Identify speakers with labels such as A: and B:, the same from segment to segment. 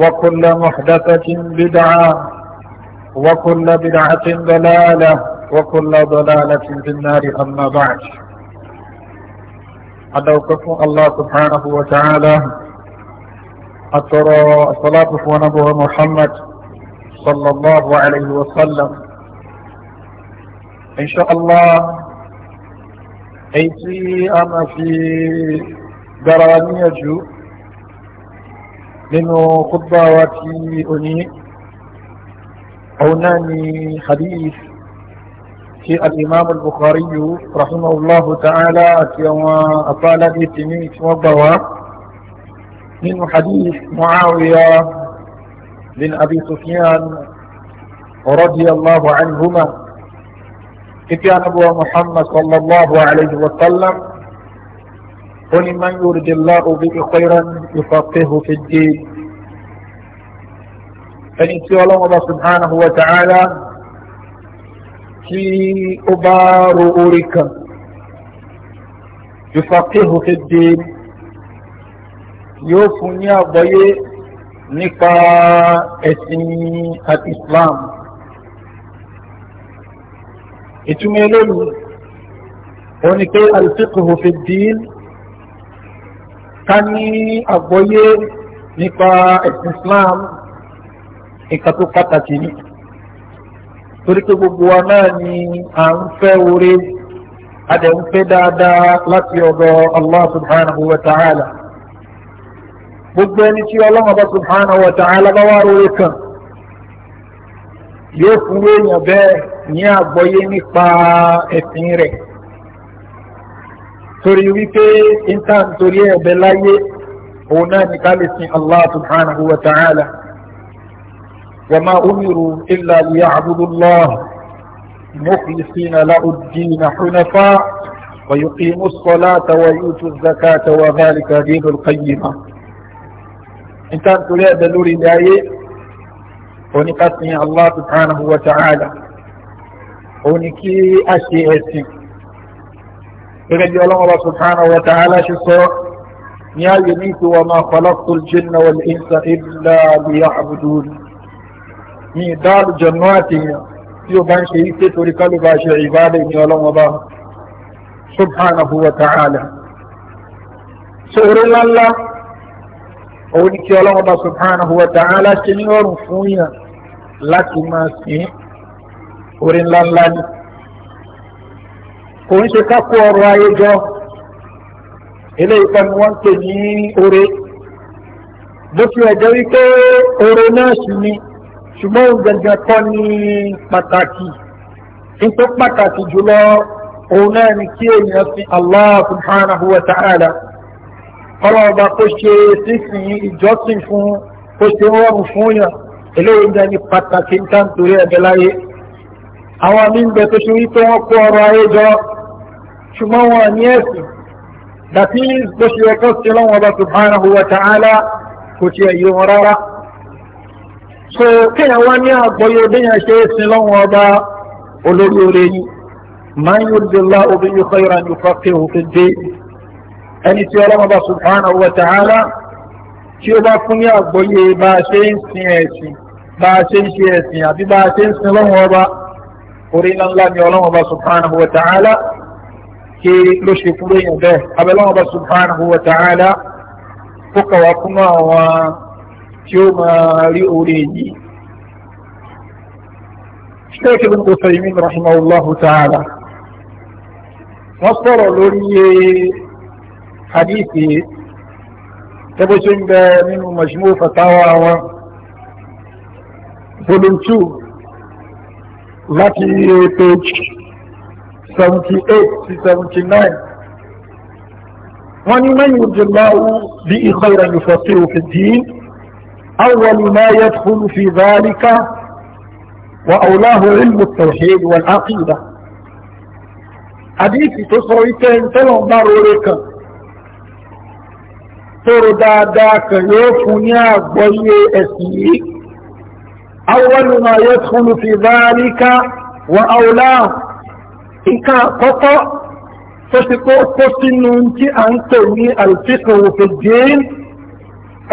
A: وكل محدثة بدعة وكل بدعة ضلالة وكل ضلالة في النار أما بعد أدوكف الله سبحانه وتعالى أترى الصلاة ونبوة محمد صلى الله عليه وسلم إن شاء الله أيتي أما في درانية جو nínú kútbà wa ti òní òun náà ni hadith ti al-imam al-bukhari rahimahullahu ta'ala àti àwọn afáàlá bíi tìmí tí wọ́n gbà wá nínú hadith muawiya bin abi sufyan radiyallahu anhuma ipi anabuwa muhammad sallallahu alayhi wa ولمن يرد الله به خيرا يفقهه في الدين ẹni tí ọlọ́run bá subhanahu wa ta'ala tí ó bá ro orí kan yufaqihu fi ddin yóò fún ní àgbọ́yé nípa ẹ̀sìn àti islam ìtumọ̀ eléyìí ó ní pé al-fiqhu fi ká ní àgbọ́yé nípa ẹ̀sìn Islam nǹkan tó pàtàkì ni torí pé gbogbo wa náà ni à ń fẹ́ oore a ń fẹ́ dáadáa láti ọ̀dọ̀ Allah subhanahu wa ta'ala gbogbo ẹni tí ọlọ́run ọba subhanahu wa ta'ala bá wá oore kan yóò fún èèyàn bẹ́ẹ̀ ní àgbọ́yé nípa ẹ̀sìn rẹ̀ torí wípé intan torí ẹ̀bẹ̀ láyé òun náà ní ká lè sin allah subhanahu wa ta'ala wa ma umiru illa liya'budu allah mukhlisina lahu ad-din hunafa wa yuqimu as-salata wa yutu az-zakata wa dhalika dinul qayyimah intan torí ẹ̀bẹ̀ lórí láyé òun ní ká sin allah subhanahu wa ta'ala òun ní kí a ṣe ẹ̀sìn gẹ́gẹ́ bí ọlọ́mọba subhanahu wa ta'ala ṣe sọ ní ayé ní ìpè wa ma khalaqtul jinna wal insa illa liya'budun ní ìdáàlù jẹ̀nú àtìyàn tí ó bá ń ṣe ike torí kálùbà ṣe ìbádà ní ọlọ́mọba subhanahu wa ta'ala so orí ńláńlá òun ni kí ọlọ́mọba subhanahu wa ta'ala ṣe ní ọrùn fún yàn láti máa sìn orí ńláńlá ni. kò ń ṣe kákó ọrọ̀ ayé jọ eléyìí ni wọ́n ń ní oore bó tilẹ̀ jẹ́ wípé oore náà sì ni ṣùgbọ́n òun gangan kọ́ ni pàtàkì nítorí pàtàkì jùlọ òun náà ni kí fi Allah subhanahu wa ta'ala ọlọ́ọ̀bá kó ṣe sísìn ìjọsìn fún kó ṣe rọrùn fún yàn eléyìí jẹ́ ní pàtàkì nítorí ẹ̀bẹ̀ láyé àwọn mímbẹ tó ṣe wípé wọ́n kó ṣùgbọ́n wọn ní ẹ̀sìn dàtí bó ṣe yẹ kọ́ sí lọ́wọ́ ọba subhanahu wa ta'ala kò ti ẹ̀ yí wọn rárá so kéèyàn wá ní àgbọ́yé déyàn ṣe é sin lọ́wọ́ ọba olórí oore yìí man yuridillahu bihi khayran yufaqqihhu fid-din ẹni tí ọlọ́mọba subhanahu wa ta'ala tí ó bá fún ní àgbọ́yé bá a ṣe ń sin ẹ̀sìn bá a ṣe ń ṣe ẹ̀sìn àbí bá a ṣe ń sin lọ́wọ́ ọba orí ńláńlá ni ọlọ́mọba subhanahu wa ta'ala كي لشي فضيع به قبل الله سبحانه وتعالى فقه وقنا وشيوم لأوليه شيخ ابن قسيمين رحمه الله تعالى مصدر لولي حديثي تبشن با من مجموع فتاوى و بلنتو لكي بيج 78 79 wọ́n ní mẹ́yìn òjòláwó bí ìkọ́ra ìfọ̀tí òfin dín أول ما يدخل في ذلك وأولاه علم التوحيد والعقيدة àdíìsì tó sọ wípé tọ́lọ̀ bá rore kan tóró dáadáa kan yóò fún ní àgbọ́yé ẹ̀sìn yìí awọ́lùmọ̀ yóò fún fi dáríká wọ àwòláhùn nǹkan àkọ́kọ́ tó ti kó kó sínú tí a ń pè ní àlùfíkà òfin dín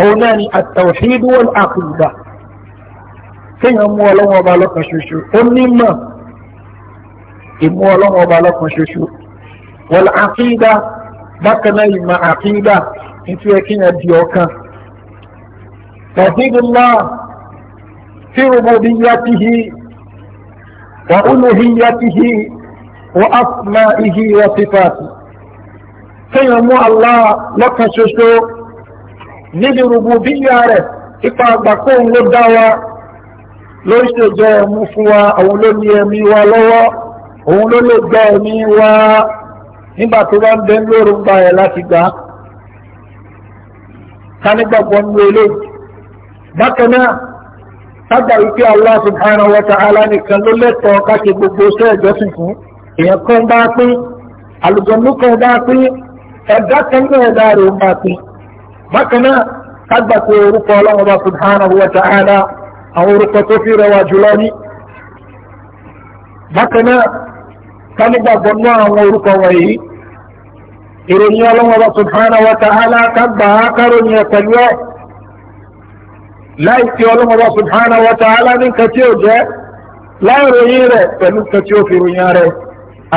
A: òun náà ni àtàwọ̀ṣídú wọn àkùdà kéèyàn mú ọlọ́wọ́n ọba lọ́kàn ṣoṣo ó nímọ̀ ìmú ọlọ́wọ́n ọba lọ́kàn ṣoṣo wọ́n àkídà bákan náà ìmọ̀ àkídà nítorí kéèyàn di ọkàn. توحيد الله في ربوبيته وألوهيته وأسمائه وصفاته كيوم الله لك ششو níbi rùbùbíyà rẹ̀ ipa àgbàkóhùn ló dá wa ló ṣèjọ ẹ̀mú fún wa òun ló ní ẹ̀mí wa lọ́wọ́ òun ló lè gbọ́ ẹ̀mí wa nígbà tó bá ń bẹ lóru gba ẹ̀ láti gbà á èèyàn kan bá pín àlùjọ̀nù kan bá pín ẹ̀dá kan náà ẹ̀dá rẹ̀ ń bá pín bákan náà kágbà pé orúkọ ọlọ́run bá subhanahu wa ta'ala àwọn orúkọ tó fi rẹwà jùlọ ní bákan náà kánígbàgbọ́ mọ́ àwọn orúkọ wọ̀nyí ìròyìn ọlọ́run bá subhanahu wa ta'ala kágbà á káròyìn ẹ̀ pẹ̀lú ẹ̀ láì tí ọlọ́run bá subhanahu wa ta'ala ní nǹkan tí ó jẹ́ láì ròyìn rẹ̀ pẹ̀lú nǹkan tí ó fi ròyìn rẹ̀.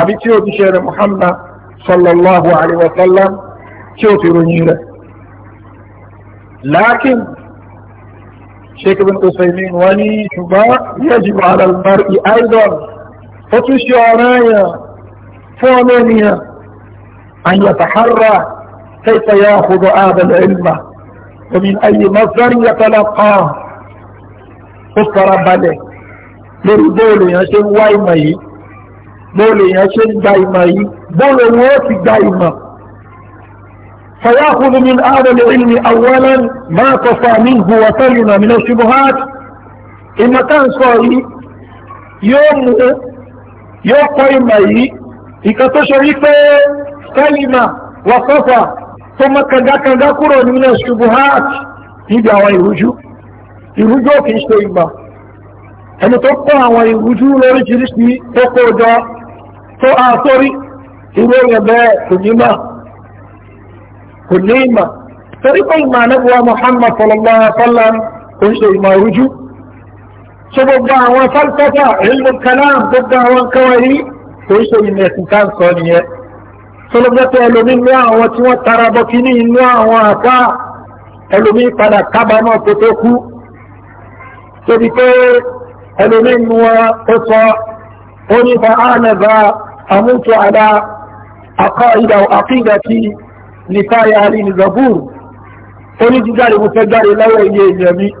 A: àbí tí ó ti ṣe rẹ̀ Muhammad sallallahu alaihi wa sallam tí ó ti ròyìn rẹ̀ lakin sheikh ibn usaimin wani ṣùgbọ́n yajibu ala al-mar'i aidan ó tún ṣe ọ̀rọ̀ yẹn fún ọmọ ènìyàn an yataharra kayfa ya'khudhu hadha al-ilma ومن أي مصدر يتلقاه ó fara balẹ̀ lórí bóòlù yẹn ṣe ń wá ìmọ̀ yìí bóòlù èèyàn ṣe ń gba ìmọ̀ yìí bóòlù òun ó ti gba ìmọ̀ فيأخذ من هذا العلم أولا ما كفى منه وسلم من الشبهات ìmọ̀ tá ń sọ yìí yóò mú yóò kọ́ ìmọ̀ yìí ìkan tó ṣe rí pé sẹ́lìmà wàsọ́fà tó mọ́ kàndákàndá kúrò nílẹ̀ ṣubú hajj níbi àwọn ìrújú ìrújú òfin ṣe ìmọ̀ ẹni tó kọ́ àwọn ìrújú lóríṣiríṣi tó kó tó a sórí irú èèyàn bẹ́ẹ̀ kò ní mà kò ní mà torí pé ìmọ̀ ànábùwà Muhammad sallallahu alaihi wa sallam kò ń ṣe ìmọ̀ rújú ṣe gbogbo àwọn falsafa ilmu kalam gbogbo àwọn kawai kò ń ṣe ìmọ̀ ẹ̀sìn ká ń sọ nìyẹn tọ́lọ́gbẹ́tọ̀ ẹlòmí ní àwọn tí wọ́n tara bọ́ kí ní inú àwọn àpá ẹlòmí padà kábàámọ̀ tó tó kú tóbi pé ẹlòmí nu wọn ó sọ ó ní fa ánàbà أموت على عقائد أو عقيدتي نفاي أهل الزبور قولي جداري متجاري لو يجيني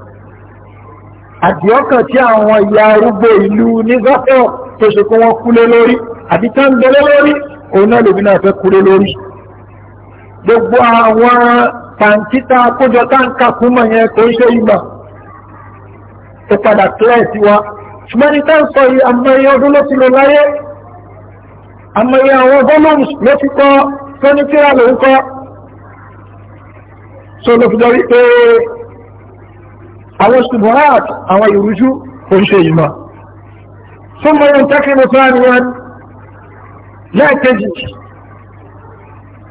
A: àdìọ́kàn tí àwọn ìyá arúgbó ìlú ní zafel tó ṣe kó wọ́n kúlé lórí àbí tá ń bẹ̀lẹ̀ lórí òun náà lòbí náà fẹ́ kúlé lórí gbogbo àwọn pàǹtítà kójọ táǹkà kúmọ̀ yẹn kò ń ṣe ìmọ̀ ó padà kílẹ̀ sí wa ṣùgbọ́n ní táǹsọ̀ yìí àmọ́ iye ọdún ló ti lò láyé àmọye àwọn volumes ló fi kọ́ fẹ́nitìrà ló ń kọ́ so ló fi jọ wípé àwọn subuhat àwọn ìrújú kò ń ṣe ìmọ̀ fún mọ ohun tẹ́kínú fúlàní wọn lẹ́ẹ̀kejì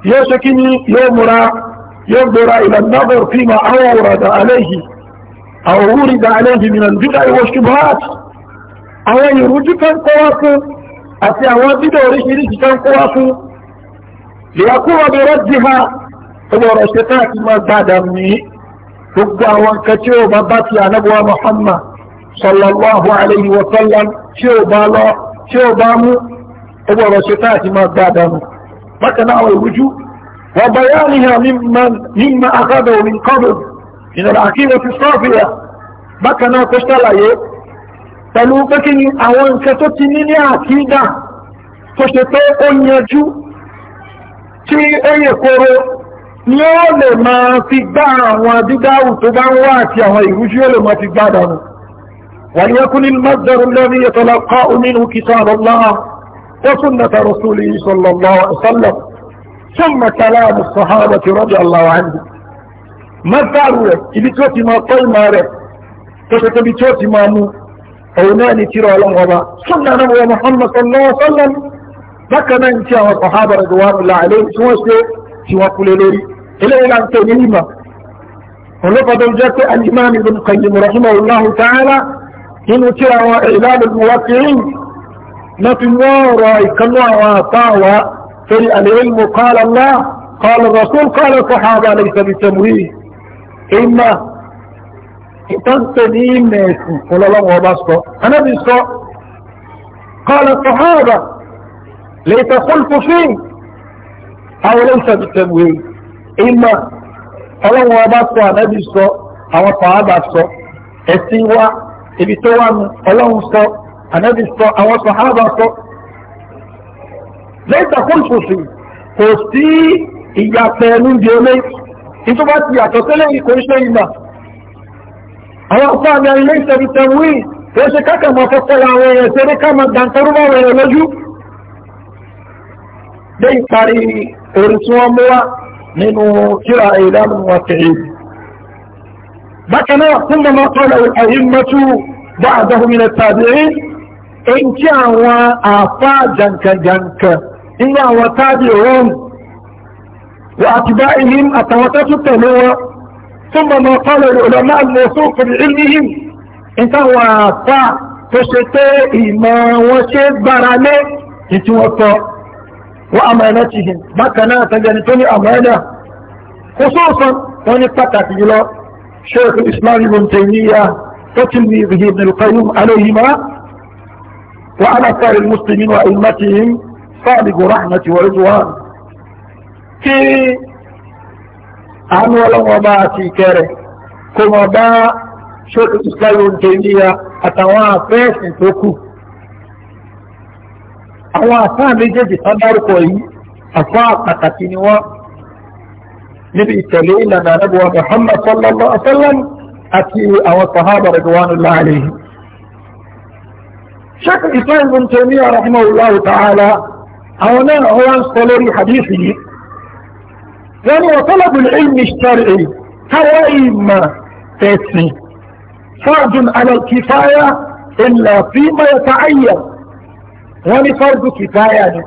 A: yóò ṣe kí ni yóò múra yóò gbéra ìlànà bọ̀rọ̀ fíìmà àwọn òwúrọ̀ dà àléhìí àwọn òwúrọ̀ dà àléhìí mìíràn dídá ìwọ̀ subuhat àwọn ìrújú kan kọ́ wá fún àti àwọn bídọ̀ oríṣiríṣi tó ń kó wá fún ìyàkúrò bẹ̀rẹ̀ jì ha ọgbọ̀rọ̀ ṣe káàkiri máa gbàdà mí gbogbo àwọn nǹkan tí ó bá bá ti ànábọ̀wá Muhammad sallallahu alayhi wa sallam tí ó bá lọ tí ó bá mú ọgbọ̀rọ̀ ṣe káàkiri máa gbàdà mí bákan náà ìrújú wọ́n bá yá níhà mímọ akádọ̀ pẹ̀lú pé kí ni àwọn nǹkan tó ti ní ní àkídà tó ṣe pé ó yanjú tí ó yẹ kóró ni ó lè máa fi gbá àwọn dídáwù tó bá ń wá àti àwọn ìrújú ó lè máa fi gbá dànù وليكن المصدر الذي يتلقى منه كتاب الله وسنة رسوله صلى الله عليه وسلم ثم كلام الصحابة رضي الله عنهم مصدره اللي توتي ما طيب مارك تشتبي توتي ما مو òun náà ni tíra ọlọ́run ọba sunna náà wọ muhammad sallallahu alaihi wa sallam bákan náà ń tí àwọn sàhábà rẹ̀ wà nílà àlẹ́ tí wọ́n ṣe tí wọ́n kulé lórí eléyìí láti tẹ̀ ní ìmọ̀ olókòtò jẹ́ pé alimami ibn qayyim rahimahullahu ta'ala nínú tíra àwọn ìlànà muwaqqi'in na fi mú ọ̀rọ̀ ìkanú àwọn àtàwà torí al-ilmu qala Allah qala rasul qala sàhábà lè sàbìtàmùrí ìmọ̀ ìtọ́sẹ̀ ní ìmẹ̀ ẹ̀sìn fọlọ́lọ́wọ́ ọba sọ anábì sọ kọ́lọ̀ sọ̀háàbà lè tẹ̀kùn fòfin àwọn olóòṣèlú tẹ̀wé ìmọ̀ ọlọ́wọ́ ọba sọ anábì sọ àwọn sọ̀háàbà sọ ẹ̀sìn wa ibi tó di olé ìtọ́ba ti yàtọ̀ tẹ́lẹ̀ àwọn ọ̀pá àmì ilé ìṣẹ̀bí tẹ̀wí tó ṣe kákà mọ̀ fọ́pọ̀lá àwọn èèyàn ṣeré káàmà dàntọ́rúmọ̀ rẹ̀ lójú dé ìparí orí tí wọ́n mú wá nínú kíra ìlànà wọn tẹ̀lé bákan náà fún mọ́mọ́ tó lọ àyín mọ́tú bá àdáhùnmílẹ̀ tàbí ثم ما قال العلماء الموثوق بعلمهم انت وفا تشتي إما وشيد برامي يتوفى وأمانتهم ما كان تجنتني أمانة خصوصا ونفتك إلى شيخ الإسلام ابن تيمية وتلميذه ابن القيوم عليهما وعلى أثار المسلمين وأئمتهم صادق رحمة ورضوان في àánú ọlọ́wọ́ bá àti ìkẹrẹ kó mọ̀ bá ṣókè ìsìláyò tèmíyà àtàwọn afẹ́ẹ̀sìn tó kù àwọn àfáà méjèèjì tán dárúkọ yìí àfáà pàtàkì ni wọ́n níbi ìtẹ̀lé ìlànà àrẹ́bùwà Muhammad sallallahu alaihi wasallam àti àwọn sahaba radwanullahi alaihim ṣókè ìsìláyò tèmíyà rahimahullahu ta'ala àwọn náà wọ́n sọ lórí hadith yìí wọ́n ní ọ̀tọ́lọ́bù ilmi ṣẹ́rì káwọ́ ìmọ̀ tẹ̀sìn fọ́ọ̀dùn alẹ́kìfáyà ìlà fi mọ́yọ̀ta ayẹ̀ wọ́n ní fọ́ọ̀dù kìfáyà ni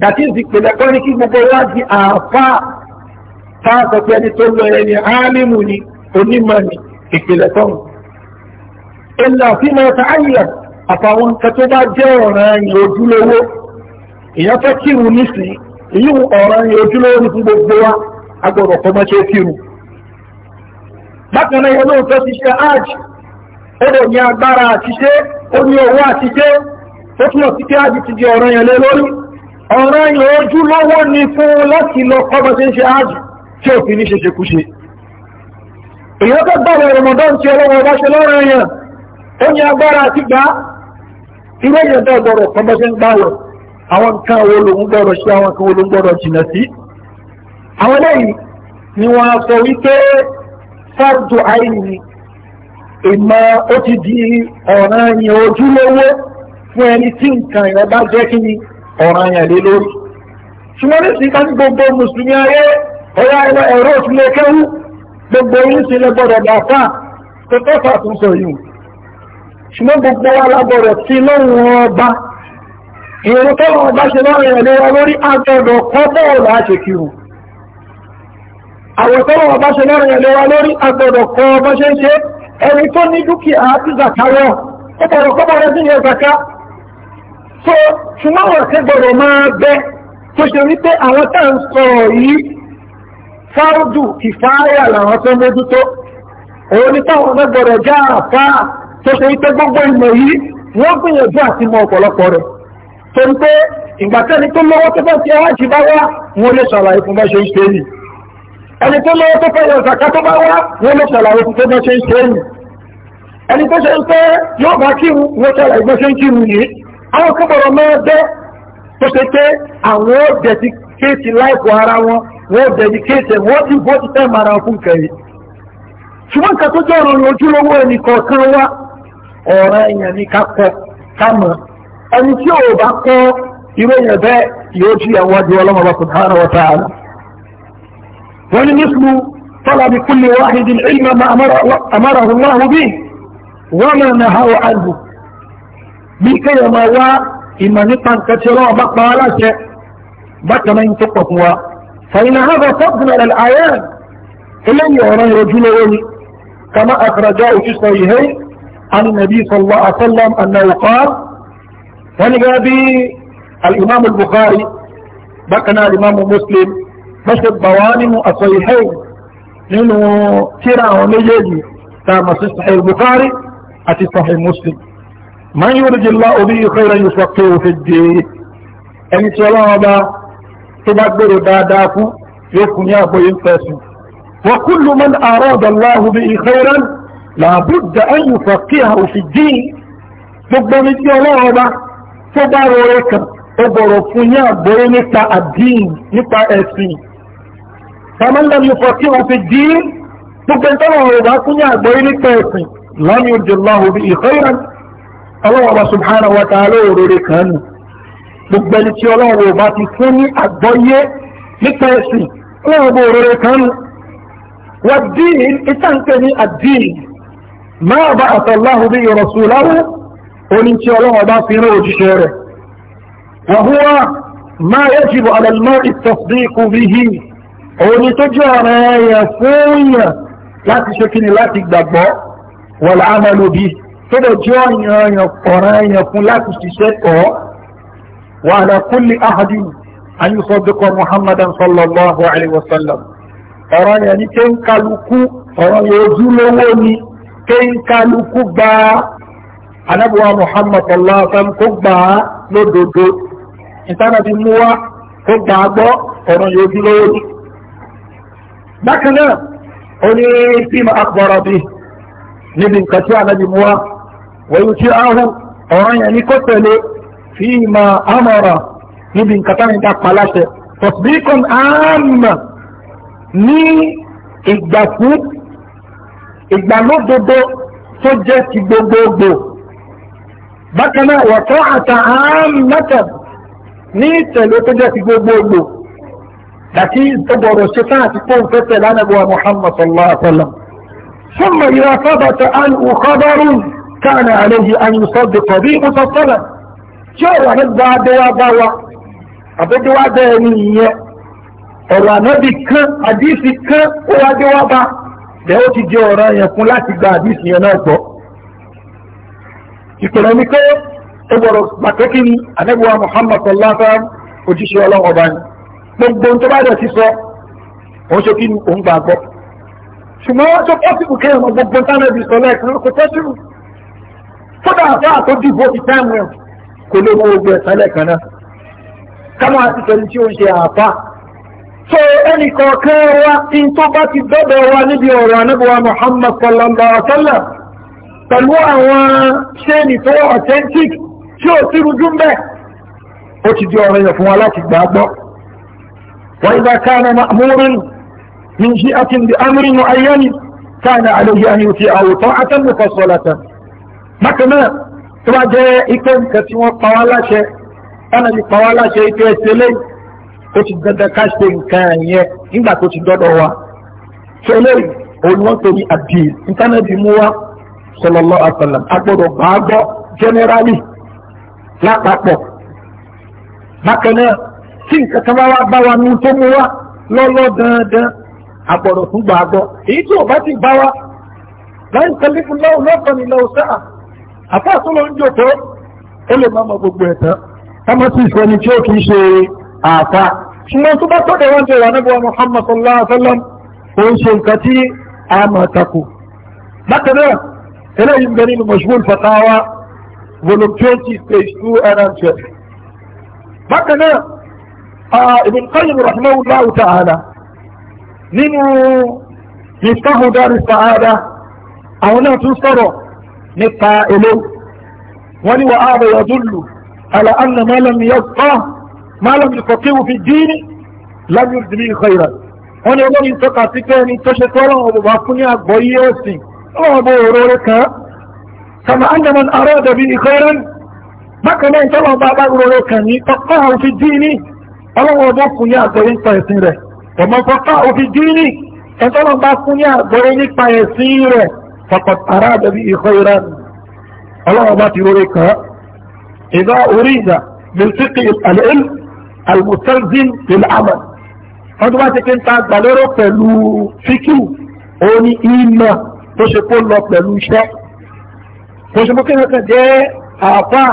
A: dàtí ìsìnkpẹ̀lẹ̀ kọ́ ní kí gbogbo wá di àáfà táàkọ̀ pé ẹni tó lọ ẹni áálímù ni onímọ̀ ni ìpìlẹ̀ tọ́hún ìlà fi mọ́yọ̀ta ayẹ̀ àtàwọn nǹkan bá jẹ́ ọ̀ràn ẹ̀yìn ojúlówó kírun nísìnyí èyí ọ̀ràn ojúlówó ni fún gbogbo wa agbọ̀dọ̀ fọmọ ṣe kírun bákan náà olóòótọ́ ti ṣe hajj ó lè ní agbára àtiṣe ó ní owó àtiṣe ó túnmọ̀ sí pé hajj ti di ọ̀ràn yẹn lé lórí ọ̀ràn yẹn ojúlówó ni fún láti lọ kọ́mọ ṣe ń ṣe hajj tí òfin ní ṣe ṣe kú ṣe èyàn tó gbọ́rọ̀ Ramadan tí ọlọ́wọ́ ọba ṣe lọ́rọ̀ èèyàn ó ní agbára àti gbá irú èèyàn tó àwọn nǹkan wo lòun gbọ́dọ̀ ṣe àwọn nǹkan wo lòun gbọ́dọ̀ jìnà sí àwọn lẹ́yìn ni wọ́n á sọ wípé fardu àìní ìmọ̀ ó ti di ọ̀ràn yẹn ojúlówó fún ẹni tí nǹkan yẹn bá jẹ́ kí ni ọ̀ràn yẹn lé lórí ṣùgbọ́n ní sìkà ní gbogbo mùsùlùmí ayé ọ̀yà ẹ̀rọ ẹ̀rọ òsìlẹ̀ kẹ́wù gbogbo yìí sì lè gbọ́dọ̀ dà fà tó tọ́fà tún sọ yìí ṣùgbọ́n gbogbo wa sí lọ́wọ́ ọba ìrún tọ́lọ̀ ọba ṣe lọ́rọ̀ ẹ̀lẹ́ wa lórí àtọ́dọ̀ kọ́bọ̀ láti kírun àwọn tọ́lọ̀ ọba ṣe lọ́rọ̀ ẹ̀lẹ́ wa lórí àtọ́dọ̀ kọ́ ọba ṣe ń ṣe ẹni tó ní dúkìá àti zakawọ́ ó gbọ́dọ̀ kọ́bọ̀ rẹ̀ sí ní ọ̀zàká tó ni táwọn ọmọ gbọ́dọ̀ já àfáà tó ṣe rí pé gbogbo ìmọ̀ wọ́n gbìyànjú àti mọ ọ̀pọ̀lọpọ̀ rẹ̀ tó ń pé ìgbàtẹ́ni tó lọ́wọ́ tó fẹ́ sí aláàjì bá wá wọ́n lè ṣàlàyé fún bá ṣe ń ṣe nì ẹni tó lọ́wọ́ tó fẹ́ yọ tó bá wá wọ́n lè ṣàlàyé fún bá ń ṣe nì ẹni tó ṣe ń pé yóò bá wọ́n ṣàlàyé wọn wọ́n dẹ̀díkéètì wọ́n ti mara fún ṣùgbọ́n jẹ́ ọ̀rọ̀ ojúlówó ẹnì kọ̀ọ̀kan wá ní ká ká mọ̀ ẹni tí ò bá kọ́ irú èèyàn bẹ́ẹ̀ yóò jí àwọn adìẹ ọlọ́mọ bá subhanahu wa ta'ala wọ́n ní nísìlú طلب كل واحد العلم ما أمره الله به وما نهى عنه bíkẹ́ yẹn máa wá ìmọ̀ nípa nǹkan tí ọlọ́wọ́ bá pa aláṣẹ bákan náà ń tó pọ̀ fún wa. fàyínà hàn fún fọ́ọ̀dùnà rẹ̀ àyà eléyìí ọ̀rọ̀ ìrojú lówó ni kama àkàràjọ òṣìṣẹ́ ìhẹ́ àni nàbí sọ̀lọ́ àtọ́lọ́m àna òkọ́ wọ́n ní gẹ́gẹ́ bí al-imam al-bukhari bákan náà al-imam muslim bá ṣe gbà wá nínú as-sahihayn nínú tíra àwọn méjèèjì tá a mọ̀ sí sahih al-bukhari àti sahih muslim man yuridillahu bihi khayran yufaqqihhu fid-din ẹni tí ọlọ́run ọba tó bá gbèrò dáadáa fún yóò fún ní àgbóyé fẹ̀sùn وكل من أراد الله به خيرا لابد أن يفقهه في الدين gbogbo mi tí ọlọ́run ọba tó bá rọrẹ kàn ó bọ̀rọ̀ fún yín àgbọ́yé nípa àdín nípa ẹ̀sìn tàbí lẹ́nu fọ́ tí òun fi dí gbogbo ìtọ́wọ̀n rẹ̀ bá fún yín àgbọ́yé nípa ẹ̀sìn lọ́nà ìjọláhù bí ìkọ́yà ọlọ́wọ́ bá subhanahu wa ta'ala òrórè kan nù gbogbo ẹni tí ọlọ́wọ́ bá ti fún ní àgbọ́yé nípa ẹ̀sìn ọlọ́wọ́ bá òrórè kan nù wà dín ìtànkẹ́ oní tí ọlọ́wọ́ bá fi rán òjíṣẹ́ rẹ̀ wàhúwá máa yajibu ala al-mar'i at-tasdiqu bihi òní tó jẹ́ ọ̀rẹ́ ẹ̀yà fóònyà láti ṣe kíni láti gbàgbọ́ wal amalu bihi tó lè jẹ́ ọ̀rẹ́ ẹ̀yà fún láti ṣiṣẹ́ tọ́ wa ala kulli ahadin an yusaddiqa muhammadan sallallahu alayhi wa sallam ọ̀rọ̀ yẹn ni kéńkálukú ọ̀rọ̀ yẹn ojúlówó ni kéńkálukú gbàá anabuwa muhammad allah sam kó gbà á lódodo ìtànàbí mú wa kó gbà á gbọ́ ọ̀nà yóò dúró lórí. bákan náà ó ní fíìmù akbọ̀rọ̀ bí níbi nǹkan tí anabi mú wa wọ́n ti áhù ọ̀ràn yẹn ní kó tẹ̀lé fíìmù amọ̀rọ̀ níbi nǹkan táwọn ìdá paláṣẹ tọ̀síkọ̀n àmà ní ìgbà fún ìgbàlódodo tó jẹ́ ti gbogbogbò. bákan náà wọ̀tọ́ àtàámẹ́tẹ̀ ní ìtẹ̀lé tó jẹ́ ti gbogbogbò dàtí ìtọ́gbọ̀rọ̀ ṣe fún àti kó fẹ́fẹ́ lánàbọ̀ Muhammad sallallahu alaihi wa sallam ثم إذا ثبت عنه خبر كان عليه أن يصدق به مفصلا شو هل بعد وضوى أبد وضانية ọ̀rọ̀ ànábì kan àdísì kan ó wájú wá bá bẹ́ẹ̀ ó ti jẹ́ ọ̀rọ̀ yẹn fún láti gba àdísì yẹn náà gbọ́ ìpìlẹ̀ ní pé ó gbọ́dọ̀ pàtẹ́kì ní anẹ́bùwà Muhammad sallátà òjíṣẹ́ ọlọ́run ọba ni gbogbo tó bá dẹ̀ ti sọ òun ṣe kí ni òun gbà gbọ́ ṣùgbọ́n wọ́n tó pọ́sibù kéèyàn gbogbo tánẹ́bì sọ lẹ́ẹ̀kan kò pọ́sibù kódà àfáà tó dìbò ti táìmù ẹ̀ kò lè mọ ogun ẹ̀sán lẹ́ẹ̀kan náà káwọn àti tẹ̀lé tí ó ń ṣe àfáà so ẹnì kọ̀ọ̀kan wa in tó bá ti dọ́dọ̀ wa níbi ọ̀rọ̀ anábọ̀wá Muhammad sallallahu alaihi wa sallam pẹ̀lú àwọn ṣéènì tó authentic tí ó sí rújú ń bẹ̀ ó ti di ọ̀rọ̀ yẹn fún wa láti gbà gbọ́ wọ́n ibà kánà ma'amurin min ṣí àti ndí amúrin mu ayyani kánà àlejò àyìn ti àwòtán atẹ́mù fọ́sọ̀lọ́tà bákan náà tó bá jẹ́ ikẹ́ nǹkan tí wọ́n pa láṣẹ tánà ti pa láṣẹ ikẹ́ ẹsẹ̀ lẹ́yìn ó ti dandan ká ṣe nǹkan yẹn nígbà tó ti dọ́dọ̀ wa ṣe eléyìí òun wọ́n torí àdìyẹ ìntánẹ́ẹ̀tì mú sallallahu alaihi wasallam agbọ́dọ̀ gbàgbọ́ generally lápapọ̀ bákan náà tí nǹkan kan bá wá bá wa nu tó mú wa lọ́lọ́ dandan agbọ́dọ̀ tún gbàgbọ́ èyí tí ò bá ti bá wa láì tẹ́lẹ̀ fún lọ́wọ́ lọ́sàn ní sáà àfáà tó ń jò ó lè má mọ gbogbo ẹ̀ tán ká sì sọ ni tí ó kì í ṣe àfa ṣùgbọ́n tó bá tọ́jú wọn jẹ́ ìwànàbọ̀ Muhammad sallallahu alaihi wasallam ó ń ṣe nǹkan tí a máa takò bákan eléyìí ń bẹ nínú Majmu' Fatawa volume twenty page two and twelve. bákan náà Ibn Qayyim rahimahullahu ta'ala nínú Miftahu Dari Sa'ada àwọn náà tún sọ̀rọ̀ nípa eléyìí wọ́n ní wa hādhā yadullu على أن ما لم يفقه ما لم يفقه في الدين لم يرد به خيرا wọ́n ni olórin tọ́ka sí pé ẹni tó ṣe tọ́rọ ọmọ fún ní àgbọ́yé ẹ̀sìn ọlọ́ọ̀bọ̀ òróró kan sọmọ andaman arọ́ dàbí ìkọ́rán bákan náà ìtọ́lọ̀ bá bá òróró kan ní tọ́kọ́ òfin díìní ọlọ́ọ̀bọ̀ fún ní àgbọ̀yé nípa ẹ̀sìn rẹ̀ ọmọ tọ́kọ́ òfin díìní ìtọ́lọ̀ bá fún ní àgbọ̀yé nípa ẹ̀sìn rẹ̀ fọkọ̀ arọ́ dàbí ìkọ́rán ọlọ́ọ̀bọ̀ ti òróró kan ìdá orí kí n ta gbàlérò pẹ̀lú fíkì òní ìmọ̀ tó ṣe kó lọ pẹ̀lú iṣẹ́ kò ṣe mú kí nǹkan jẹ́ àáfà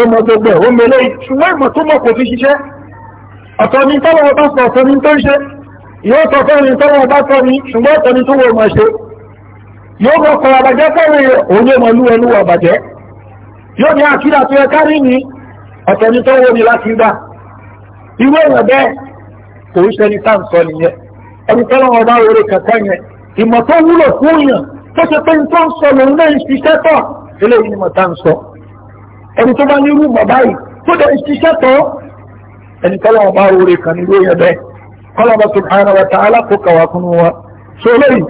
A: ọmọ gbogbo ẹ̀ ó mẹ́lẹ́ ṣùgbọ́n ìmọ̀ tó mọ̀ kò fi ṣiṣẹ́ ọ̀tọ̀ ni tọ́lọ́wọ́ bá sọ ọ̀tọ̀ ni tó ń ṣe yóò sọ fún ẹni tọ́lọ́wọ́ bá sọ ni ṣùgbọ́n ọ̀tọ̀ ni tó wọ́n máa ṣe yóò mọ̀ kọ̀ àbàjẹ́ fẹ́ràn èèyàn òun yóò mọ̀ lú ẹnu àbàjẹ́ yóò ní àkídà tó yẹ kárí ni ọ̀tọ̀ tó wọ́n ni láti gbà irú èèyàn bẹ́ẹ̀ kò ń ṣe ẹni tá ń sọ nìyẹn ẹni tọ́lọ́wọ́ bá wọlé kankan yẹn ìmọ̀ tó wúlò fún yàn tó ṣe pé nǹkan sọ lòun náà ń ṣiṣẹ́ tọ̀ eléyìí ni mọ̀tá ń sọ ẹni tó bá ní irú bàbá yìí tó dẹ̀ ń ṣiṣẹ́ tọ̀ ẹni tọ́lọ́ wọn bá rore kan ní lóyè bẹ́ẹ̀ kọ́lọ́ bá subhanahu wa ta'ala kó kàwá kún wọn so eléyìí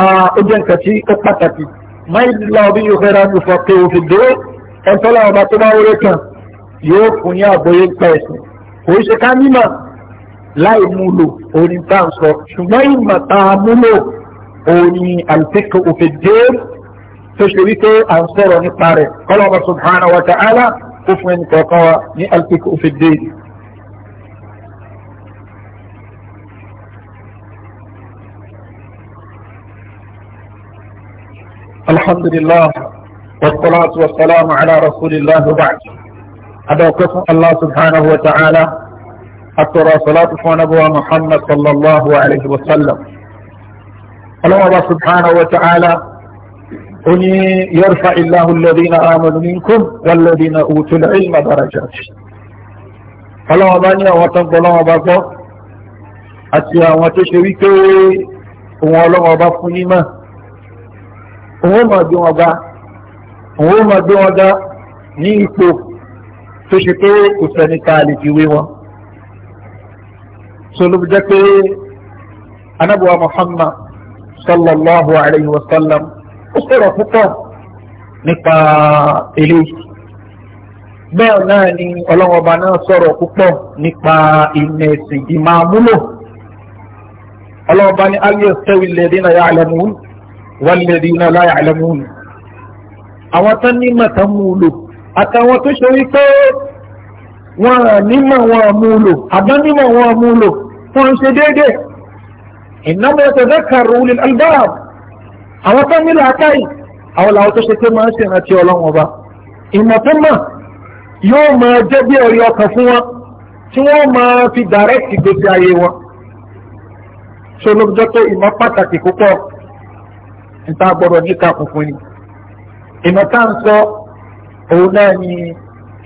A: ó jẹ́ nǹkan tí ó pàtàkì máìlá ọbí yóò fẹ́ ra ní ìfọ̀kẹ́ òfin dé ẹni tọ́lọ́ wọn bá tó bá rore kan yóò fún ní àgbóyé pẹ̀ ẹ̀sìn kò í ṣe ká mímọ̀ láì múlò orin tá à ń sọ ṣùgbọ́n ìmọ̀ tá a múlò oni alfiqhu في الدين so shiri ko an soro ni pare kala wa subhanahu wa ta'ala kufu الحمد لله والصلاة والسلام على رسول الله بعد هذا قسم الله سبحانه وتعالى أترى صلاة فنبوة محمد صلى الله عليه وسلم ọlọ́wọ́ba subhanahu wa ta'ala ó ní yarfa illahu alladhina amanu minkum walladhina utul ilma darajat ọlọ́wọ́ba ní àwọn tó ń gbọ́ ọlọ́wọ́ba gbọ́ àti àwọn tó ṣe wípé òun ọlọ́wọ́ba fún nímọ̀ òun mọ̀ bí wọn bá òun mọ̀ bí wọn dá ní ipò tó ṣe pé kò sẹ́ni tá lè fi wé wọn. sọlọ́bù jẹ́ pé anábùwà Muhammad صلى الله عليه وسلم ó sọ̀rọ̀ púpọ̀ nípa eléyìí bẹ́ẹ̀ náà ni ọlọ́run ọba náà sọ̀rọ̀ púpọ̀ nípa ìmọ̀ ẹ̀sìn ìmọ̀ àmúlò ọlọ́run ọba ní al yastawi alladhina ya'lamun wal ladhina la ya'lamun àwọn tán ní mọ̀ tán àtàwọn tó ṣe wípé wọn nímọ̀ wọn mú àbá nímọ̀ wọn mú lò ṣe déédéé ìnáwó yatazakkaru ulul albab àwọn tó ń nílò akáyì àwọn làwọn tó ṣe pé máa ń ṣèrántí ọlọ́run ọba ìmọ̀ tó mọ̀ yóò máa jẹ́ bí ẹ̀rí ọkàn fún wọn tí wọ́n máa fi dàrẹ́kì gbèsè ayé wọn ṣe olóòjọ́ tó ìmọ̀ pàtàkì púpọ̀ níta gbọ́dọ̀ níka funfun ni ìmọ̀ tá à ń sọ òun náà ni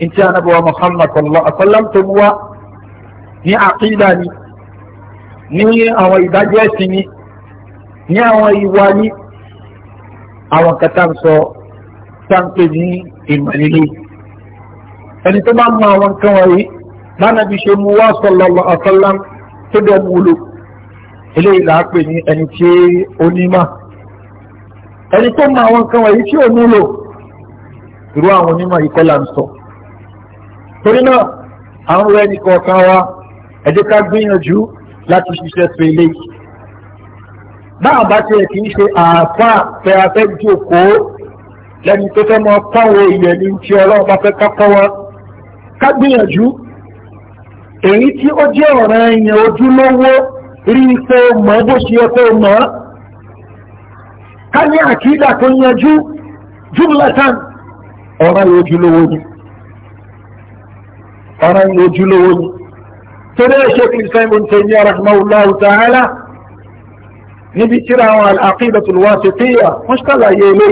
A: ìtí anábọ̀wá Muhammad sallallahu alaihi wasallam tó mú wa ní àkídà ni ní àwọn ìdájọ́ ẹ̀sìn ni ní àwọn ìwà ní àwọn kẹta ń sọ táǹpé ní ìmọ̀lélé ẹni tó bá mọ àwọn nǹkan wọ̀nyí lánàbí ṣe mú wá sallallahu alaihi wasallam tó dẹ̀ mú lò eléyìí là ní ẹni tí ó nímọ̀ ẹni tó mọ àwọn nǹkan wọ̀nyí tí ò nílò irú àwọn onímọ̀ yìí ń sọ torí náà àwọn ẹnì kọ̀ọ̀kan wa ẹ gbìyànjú láti ṣiṣẹ́ fún ilé yìí báà bá tiẹ̀ kì í ṣe àáfàá fẹ́ afẹ́ jókòó lẹ́ni tó fẹ́ mọ kọ́wọ́ ilẹ̀ ní ti ọlọ́run bá fẹ́ kápọ́ wọn ká gbìyànjú èyí tí ó jẹ́ ọ̀ràn ẹ̀yìn ojúlówó rí i pé ó mọ̀ bó ṣe yẹ pé ó mọ̀ ká ní àkídà tó yanjú júmùlátàn ọ̀ràn ojúlówó ni ọ̀ràn ojúlówó ni torí ẹ̀ ṣe kí islam ibn Taymiyyah rahimahullahu ta'ala níbi tíra àwọn al-aqidatul wasitiyya wọ́n ṣàlàyé ilé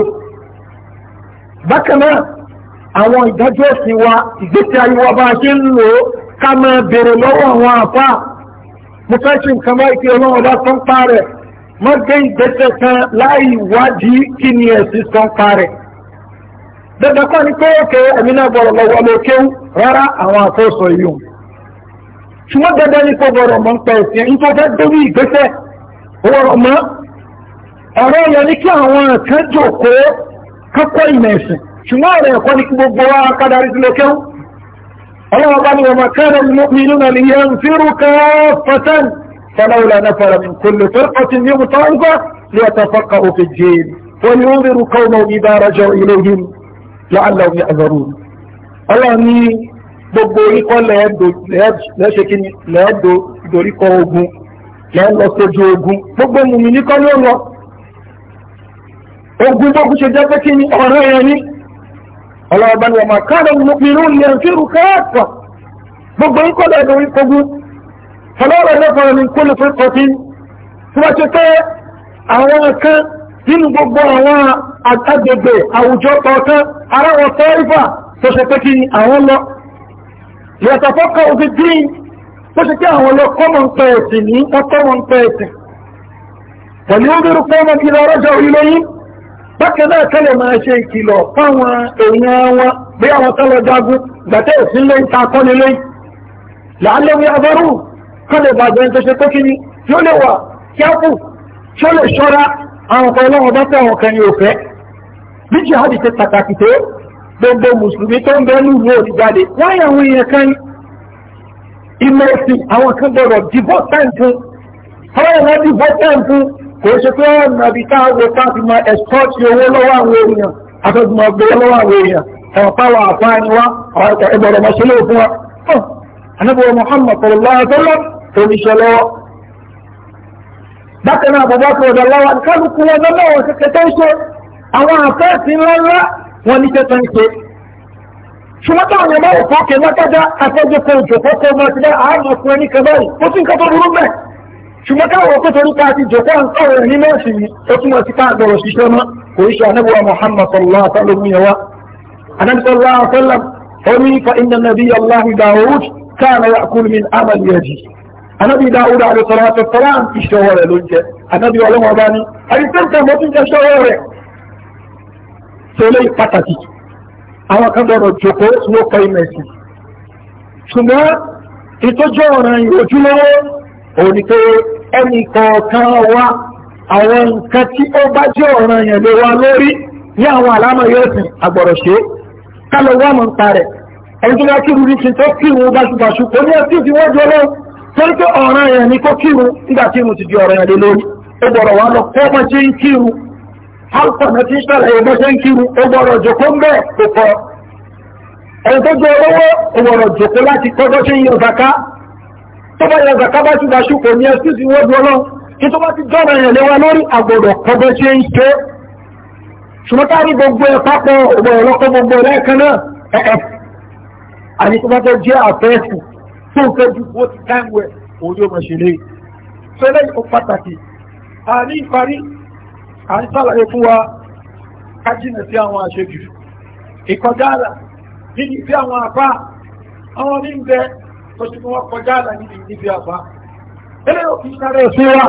A: bákan náà àwọn ìdájọ́ ẹ̀sìn wa ìgbésí ayé wa bá a ṣe ń lò ó ká máa bèrè lọ́wọ́ àwọn àfáà mo fẹ́ ṣe nǹkan báyìí kí ọlọ́run bá tán pa rẹ̀ má gbé ìgbésẹ̀ kan láì wádìí kí ni ẹ̀sìn pa rẹ̀ dandan kọ́ ni pé òkè ẹ̀mí náà bọ̀rọ̀ lọ́wọ́ lókè rárá àwọn àfọ́sọ yìí ṣùgbọ́n dandan ní kó bọ̀rọ̀ mọ́ ń pa ẹ̀sìn ẹ̀yìn tó fẹ́ dórí ìgbésẹ̀ ọ̀rọ̀ mọ́ ọ̀rọ̀ yẹn ní kí àwọn kan jòkó kọ́kọ́ ìmọ̀ ẹ̀sìn ṣùgbọ́n ọ̀rọ̀ ẹ̀kọ́ ní kí gbogbo wa kádàrí sí lókè ọlọ́wọ́ bá ní wọn máa kẹ́rẹ̀ mu'minuna liyanfiru kaffatan falawla nafara min kulli firqatin ní mutawọ́gbà gbogbo oríkọ́ lẹ́ẹ̀ṣe kí ni lẹ́ẹ̀dọ̀ ìdòríkọ́ ogun lẹ́ẹ̀ lọ sójú ogun gbogbo mùmí ní kọ́ ló lọ ogun ṣe jẹ́ pé kí ni ọ̀rọ̀ yẹn ní ọlọ́ọ̀bá ni ọmọ ní gbogbo ń kọ́ lẹ́ẹ̀dọ̀ oríkọ́ ogun fọlọ́ọ̀rọ̀ lẹ́fọ̀ọ́ kó lè fẹ́ tí wọ́n pé àwọn kan nínú gbogbo àwọn agbègbè àwùjọ kọ̀ọ̀kan aráwọ̀ tó ṣe pé yàtọ̀fọ́kọ̀ òfin dín tó ṣe kí àwọn ọlọ́kọ́mọ̀ ń pẹ́ ẹ̀sìn ní ọkọ́mọ̀ ń pẹ́ ẹ̀sìn pẹ̀lú obìnrin pọ́mọ̀ kí lọ rọ́jọ́ ilé yìí bákan náà kẹ́lẹ̀ máa ṣe ìkìlọ̀ fáwọn èèyàn wọn bí àwọn tọ́lọ jagun gbàtẹ́ òsín lé ta kọ́ni lé làálẹ́wì abẹ́rù kọ́lẹ̀ bàjẹ́ tó ṣe tó kíni tí ó lè wà kí á kù tí ó lè ṣọ́ra àwọn ọkọ̀ ọlọ́wọ́ bá fẹ́ àwọn kan òfẹ́ bí jihadi ti pàtàkì tó gbogbo mùsùlùmí tó ń bẹ lúwo òní jáde láyé àwọn èèyàn kan ìmọ̀ òsìn àwọn kan gbọ́dọ̀ dìbò tẹ̀ǹtù táwọn wọn dìbò tẹ̀ǹtù kò ṣe pé ọ̀nà àbí táwọn káfí máa ẹ̀sọ́ọ̀tì owó lọ́wọ́ àwọn èèyàn àtọ́jùmọ̀ gbé lọ́wọ́ àwọn èèyàn ẹ̀wọ̀n páwọ̀ àfáàní wa ẹgbọ̀rọ̀ máa ṣe lóò fún wa. anábọ̀ Muhammad sallallahu alaihi wasallam tó ní ṣe lọ́wọ́. bákan náà bàbá kan ọ̀dọ̀ láwa kálukú wọn lọ́wọ́ kékeré tó ń ṣe àwọn àfẹ́ẹ̀sì ńláńlá wọ́n ní tẹ́tọ́ ń ṣe ṣùgbọ́n táwọn èèyàn báwò fọ́ọ̀kì lágbájá afẹ́jọ́ kan ìjòkó kan máa ti dá àárọ̀ fún ẹni kan báyìí ó tún nǹkan tó burú mẹ́ ṣùgbọ́n káwọn òkú torí pa àti ìjòkó àǹkọ́ rẹ̀ ní mẹ́sì ni ó túmọ̀ sí káàdọ̀ òṣìṣẹ́ mọ́ kò í ṣe anábùwà Muhammad sallallahu alaihi wa sallam yẹn wa anábì sallallahu alaihi wa sallam ó ní fa inna nabiyya anabi Dawud alaihi salatu wa salam ìṣọwọ́ rẹ̀ ló ń jẹ anabi ọlọ́wọ́ bá ní àyíkẹ́ńtà mọ́tún jẹ́ ṣọwọ́ rẹ̀ tẹ́lẹ̀ pàtàkì àwọn kan gbọ́dọ̀ jòkó ló kọ ìmẹ̀sì ṣùgbọ́n ìtọ́jú ọ̀ràn ìròjúlówó òun ni pé ẹnì kọ̀ọ̀kan wa àwọn nǹkan tí ó bá jẹ́ ọ̀ràn yẹn lè wa lórí ní àwọn àlámọ̀ yóò sìn àgbọ̀rọ̀ ṣe kálọ̀ wà mọ̀ ń parẹ̀ ẹni tó bá kírun ní ti tó kírun báṣubàṣu kò ní ẹtí ti wọ́n jọ hálùkọ̀nà tí ṣàlàyé bó ṣe ń kiri ó gbọ́rọ̀ jòkó ń bẹ̀ kò kọ́ ẹni tó jẹ olówó ó gbọ́rọ̀ jòkó láti kọ́ bó ṣe ń yọ zaka tó bá yọ zaka bá ṣùgbà ṣùkò ní ẹsùn sí wọ́n dúró náà kí tó bá ti dọ́rọ̀ yẹn léwa lórí jẹ́ àfẹ́ẹ̀sì tó ń fẹ́ bó ti táìmù ẹ̀ òun ṣe lé so lẹ́yìn ó pàtàkì àní ìparí à ń sàlàyé fún wa ká jìnà sí àwọn àṣejù ìkọjá àlà níbi ìfẹ́ àwọn àpá àwọn ní ń bẹ tó ṣe fún wọn kọjá àlà níbi ìfẹ́ àpá eléyìí òfin sáré sí wa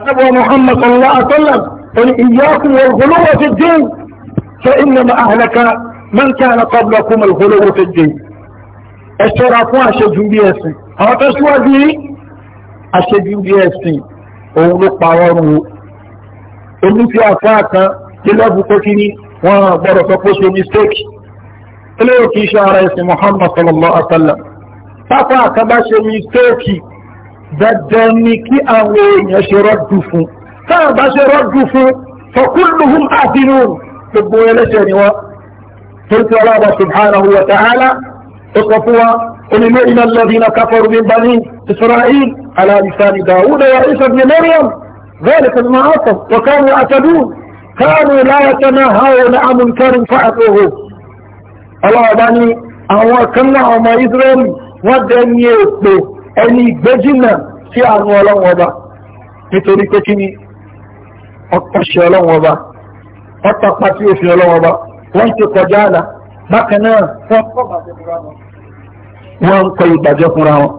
A: anábọ̀ Muhammad sallallahu alaihi wa sallam oní iyyakum wal ghuluw fi ddin fa innama ahlaka man kana qablakum al ghuluw fi ddin ẹ ṣọ́ra fún àṣejù bí ẹ̀sìn àwọn tó ṣíwájú yìí àṣejù bí ẹ̀sìn òun ló pa ọrùn onífi àfáà kan tí lọ́bù pé kí ni wọ́n gbọ́dọ̀ sọ pé ṣe mistake eléyìí kì í ṣe ara ẹ̀sìn Muhammad sallallahu alaihi wa sallam pápá àkàbá ṣe mistake dandan ni kí àwọn èèyàn ṣe rọ́dù fún táà bá ṣe rọ́dù fún fakulluhum àdínú gbogbo ẹlẹ́ṣẹ̀ ni wọ́n torí Allah subhanahu wa ta'ala ó sọ fún wa قل لئن الذين كفروا من بني إسرائيل على لسان داود وعيسى بن مريم ذلك المعاصم وكانوا يعتدون كانوا لا يتناهون عن منكر فعلوه الله باني àwọn kan náà ọmọ israẹli wọ́n dẹ ní èpò ẹni ìgbéjìnà sí àwọn ọlọ́wọ́n ọba nítorí pé kí ni ọ̀ṣẹ́ ọlọ́wọ́n ọba wọ́n tapá sí òfin ọlọ́wọ́n ọba wọ́n ti kọjá àlà bákan náà wọ́n kọ́ ìbàjẹ́ fúnra wọn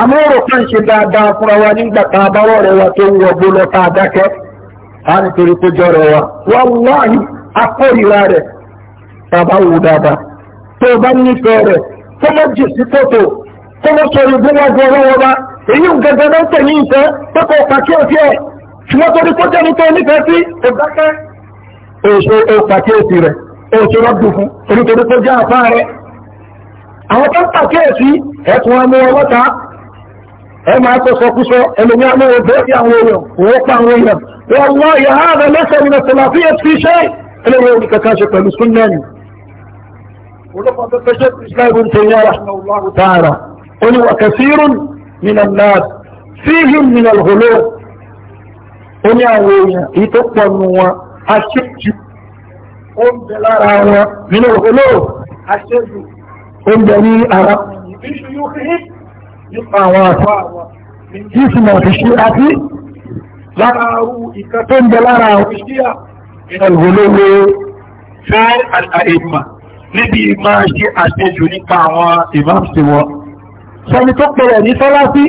A: àmọ́ ọ̀rọ̀ kan ṣe dáadáa fúnra wa nígbà tá a bá rọ̀rẹ̀ wa tó ń wọgbó lọ tá a dákẹ́ a nítorí tó jọrọ̀ wa wàláhì akórìíra rẹ̀ tá a bá wù dáadáa tó o bá nífẹ̀ẹ́ rẹ̀ kó má jù sí kòtò kó má sọ̀rọ̀ bí wọ́n gbọ́ lọ́wọ́ bá èyí ń gẹ́gẹ́ náà tẹ̀ ní ìfẹ́ pé kò pàkíyèsí ẹ̀ ṣùgbọ́n torí kó jẹ́ nítorí nífẹ̀ẹ́ sí ọ̀dákẹ́ èso pàkíyèsí rẹ̀ èso rọ́dù fún torí kó jẹ́ àfáà rẹ̀ àwọn tó ń pàkíyèsí ẹ̀tún ọmọ أما تصفصوا اللي يعملوا بيت يعملوا ووقع ويوم والله هذا ليس من الثلاثية في شيء أنا أقول لك كاشف المسنة ولما تتشد إسلام ابن الله تعالى كثير من الناس فيهم من الغلو قلوا يعملوا يتطلوا أشجوا قم دلاراوا من الغلو أشجوا قم دليل أرى من شيوخهم nípa àwọn àfà àwọn ìsìnà ìṣe àti lára arú ìkà tó ń bẹ lára àwọn ìṣíà ìrọ̀lọ́wọ́ fẹ́ àìmà níbi ìmá ṣe àṣejù nípa àwọn ìmáàmsì wọn sọni tó pẹ̀lẹ̀ ní sọ́láfí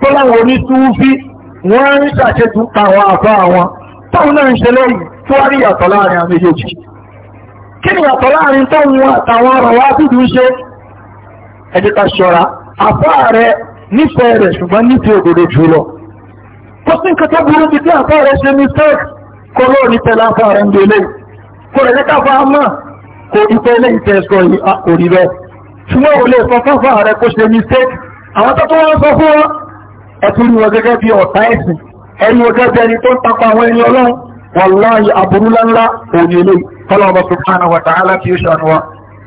A: tó láwọn onítúúfí wọ́n ń ṣàṣejù pa àwọn àfà àwọn táwọn náà ń ṣe lẹ́yìn tó wá rí láàrin àwọn méjèèjì kí ni ìyàtọ̀ láàrin táwọn àtàwọn ọ̀rọ̀ wá fìdí ṣe ẹ̀dẹ́ta ṣọ́ra àfá rẹ̀ nífẹ̀ẹ́ rẹ̀ ṣùgbọ́n nífẹ̀ẹ́ òdodo jùlọ kò sí nǹkan tó burú bí kí àfá rẹ̀ ṣe mistake kó lóò ní tẹ́lá àfá rẹ̀ ń délé kò rẹ̀ lẹ́ka fá mọ̀ kò ìfẹ́ ilé ìfẹ́ sọ yìí kò rí bẹ́ẹ̀ ṣùgbọ́n ò lè sọ fáfá rẹ̀ kó ṣe mistake àwọn tó tó wọ́n sọ fún wọn ẹ̀tún rí wọn gẹ́gẹ́ bí ọ̀tá ẹ̀sìn ẹ̀rí wọn gẹ́gẹ́ bí ẹni tó ń tapa àwọn ẹni ọlọ́run wàláyé aburú láńlá òní eléyìí tọ́lọ́ ọba subhanahu wa ta'ala tí ó ṣàánú wa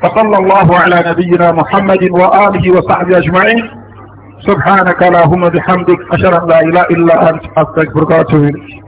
A: فصلى الله على نبينا محمد وآله وصحبه أجمعين سبحانك اللهم بحمدك أشهد أن لا إله إلا أنت أستغفرك وأتوب إليك